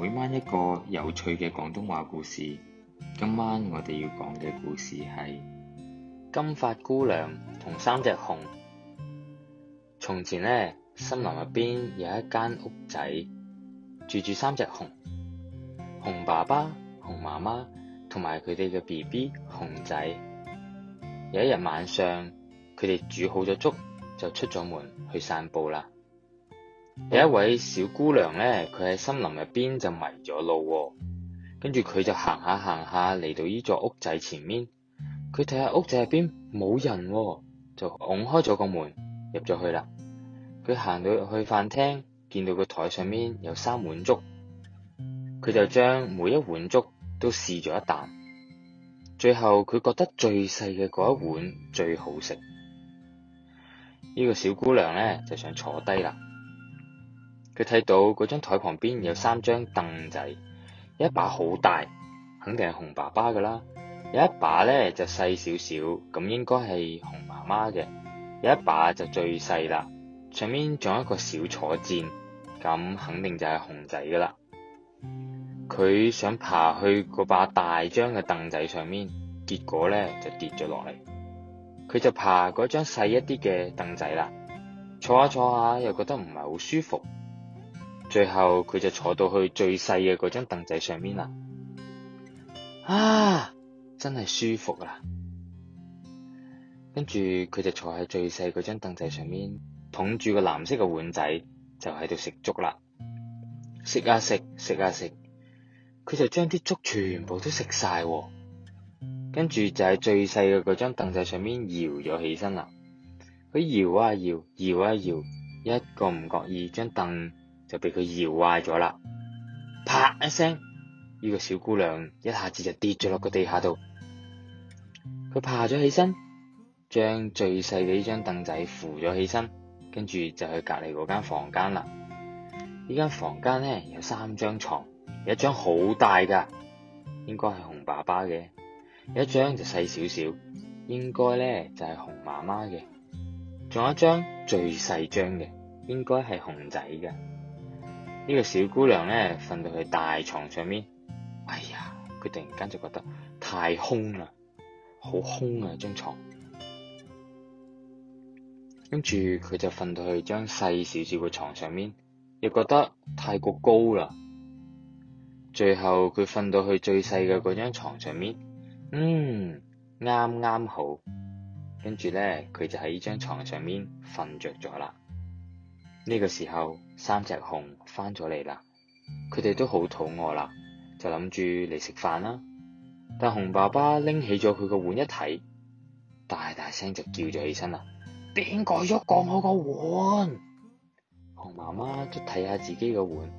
每晚一個有趣嘅廣東話故事，今晚我哋要講嘅故事係《金髮姑娘同三隻熊》。從前呢，森林入邊有一間屋仔，住住三隻熊，熊爸爸、熊媽媽同埋佢哋嘅 BB、熊仔。有一日晚上，佢哋煮好咗粥，就出咗門去散步啦。有一位小姑娘咧，佢喺森林入邊就迷咗路，哦，跟住佢就行下行下嚟，到依座屋仔前面，佢睇下屋仔入邊冇人，哦，就拱開咗個門入咗去啦。佢行到去飯廳，見到個台上面有三碗粥，佢就將每一碗粥都試咗一啖，最後佢覺得最細嘅嗰一碗最好食。呢個小姑娘咧就想坐低啦。佢睇到嗰張台旁邊有三張凳仔，有一把好大，肯定係熊爸爸噶啦；有一把咧就細少少，咁應該係熊媽媽嘅；有一把就最細啦，上面仲有一個小坐墊，咁肯定就係熊仔噶啦。佢想爬去嗰把大張嘅凳仔上面，結果咧就跌咗落嚟。佢就爬嗰張細一啲嘅凳仔啦，坐下坐下又覺得唔係好舒服。最後佢就坐到去最細嘅嗰張凳仔上面啦，啊，真係舒服啦！跟住佢就坐喺最細嗰張凳仔上面，捧住個藍色嘅碗仔就喺度食粥啦，食啊食，食啊食，佢就將啲粥全部都食晒，跟住就喺最細嘅嗰張凳仔上面搖咗起身啦，佢搖啊搖，搖啊搖，一個唔覺意將凳。就被佢搖壞咗啦！啪一聲，呢個小姑娘一下子就跌咗落個地下度。佢爬咗起身，將最細嘅呢張凳仔扶咗起身，跟住就去隔籬嗰間房間啦。呢間房間咧，有三張床，有一張好大噶，應該係熊爸爸嘅；有一張就細少少，應該咧就係熊媽媽嘅；仲有一張最細張嘅，應該係熊仔嘅。呢個小姑娘呢，瞓到去大床上面，哎呀，佢突然間就覺得太空啦，好空啊張床。跟住佢就瞓到去張細少少嘅床上面，又覺得太過高啦。最後佢瞓到去最細嘅嗰張床上面，嗯，啱啱好。跟住呢，佢就喺呢張床上面瞓着咗啦。呢個時候，三隻熊翻咗嚟啦，佢哋都好肚餓啦，就諗住嚟食飯啦。但熊爸爸拎起咗佢個碗一睇，大大聲就叫咗起身啦。邊個喐過我個碗？熊媽媽就睇下自己個碗，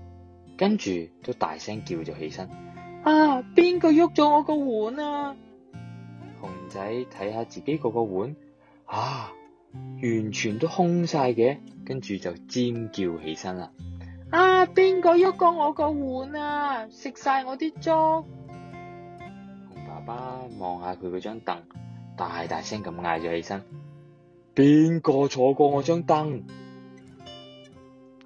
跟住都大聲叫咗起身。啊，邊個喐咗我個碗啊？熊仔睇下自己嗰個碗，啊！完全都空晒嘅，跟住就尖叫起身啦！啊，邊個喐過我個碗啊？食晒我啲粥！熊爸爸望下佢嗰張凳，大大聲咁嗌咗起身：邊個坐過我張凳？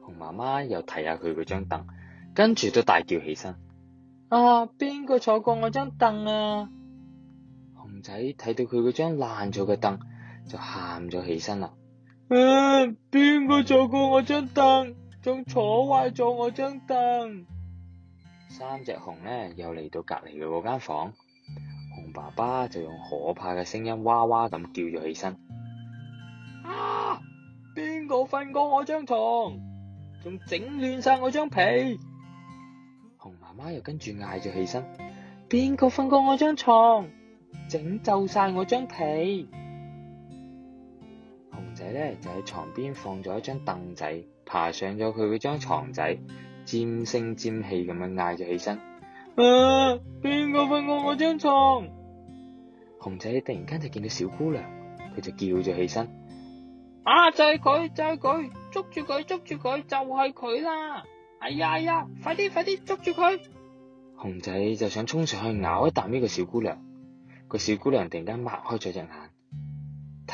熊媽媽又睇下佢嗰張凳，跟住都大叫起身：啊，邊個坐過我張凳啊？熊仔睇到佢嗰張爛咗嘅凳。就喊咗起身啦！嗯、啊，邊個坐過我張凳，仲坐壞咗我張凳？三隻熊呢，又嚟到隔籬嘅嗰間房，熊爸爸就用可怕嘅聲音哇哇咁叫咗起身。啊！邊個瞓過我張床，仲整亂晒我張被？熊媽媽又跟住嗌咗起身，邊個瞓過我張床，整皺晒我張被？咧就喺床邊放咗一張凳仔，爬上咗佢嗰張床仔，尖聲尖氣咁樣嗌咗起身。啊！邊個瞓過我張床？熊仔突然間就見到小姑娘，佢就叫咗起身。啊！就係佢，就係佢，捉住佢，捉住佢，就係佢啦！哎呀哎呀，快啲快啲捉住佢！熊仔就想衝上去咬一啖呢個小姑娘，個小姑娘突然間擘開咗隻眼。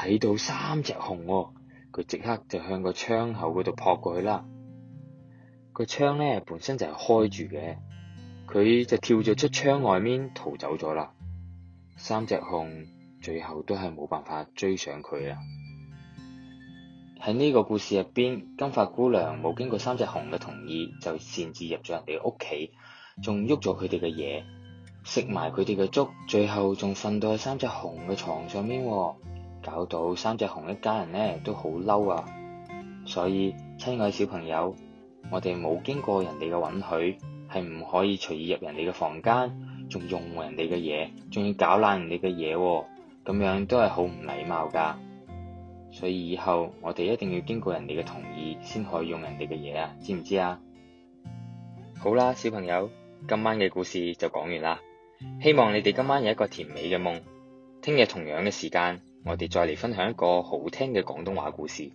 睇到三隻熊、哦，佢即刻就向個窗口嗰度撲過去啦。個窗咧本身就係開住嘅，佢就跳咗出窗外面逃走咗啦。三隻熊最後都係冇辦法追上佢啊！喺呢個故事入邊，金髮姑娘冇經過三隻熊嘅同意就擅自入咗人哋屋企，仲喐咗佢哋嘅嘢，食埋佢哋嘅粥，最後仲瞓到喺三隻熊嘅床上面、哦。搞到三隻熊一家人呢都好嬲啊！所以親愛小朋友，我哋冇經過人哋嘅允許係唔可以隨意入人哋嘅房間，仲用人哋嘅嘢，仲要搞爛人哋嘅嘢，咁樣都係好唔禮貌噶。所以以後我哋一定要經過人哋嘅同意先可以用人哋嘅嘢啊，知唔知啊？好啦，小朋友，今晚嘅故事就講完啦。希望你哋今晚有一個甜美嘅夢。聽日同樣嘅時間。我哋再嚟分享一個好聽嘅廣東話故事。